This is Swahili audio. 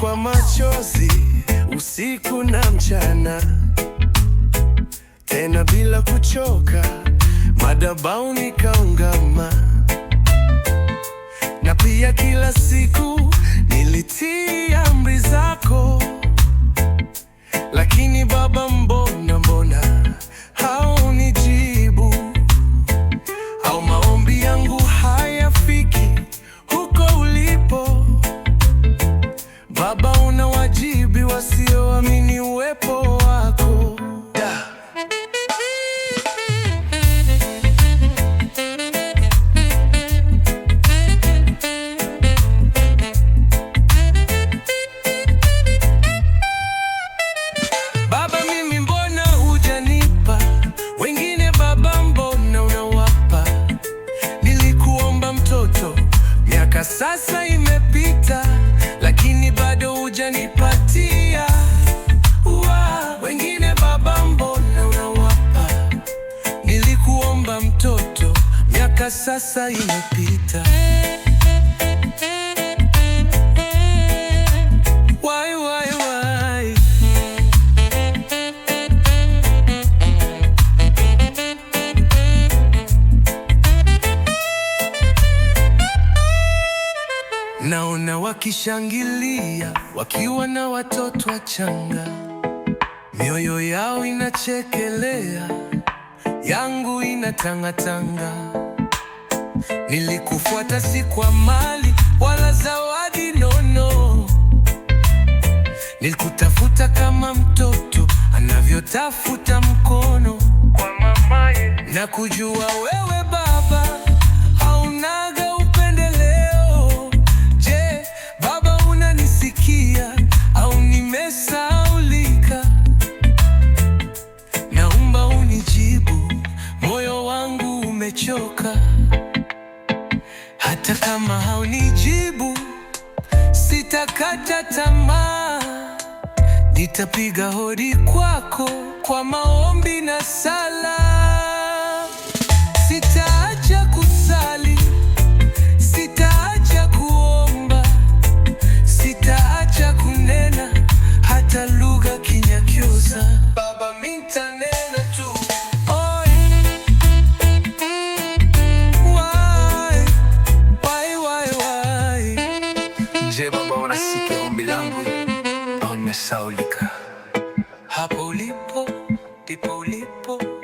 kwa machozi usiku na mchana, tena bila kuchoka, madhabahu nikaungama. Na pia kila siku nilitia amri upepo wako mimi mbona hujanipa wengine? Baba, mtoto, miaka sasa imepita, lakini bado hujanipati sasa imepita. Naona wakishangilia wakiwa na watoto wachanga, mioyo yao inachekelea, yangu inatangatanga tanga Nilikufuata si kwa mali wala zawadi, nono, nilikutafuta kama mtoto anavyotafuta mkono kwa mamaye, na kujua wewe baba haunaga upendeleo. Je, baba unanisikia au nimesaulika? Naomba unijibu, moyo wangu umechoka hata kama haunijibu, sitakata tamaa, nitapiga hodi kwako kwa maombi na sala. Nije baba, wanasikia ombi langu, naona saulika hapo ulipo, ndipo ulipo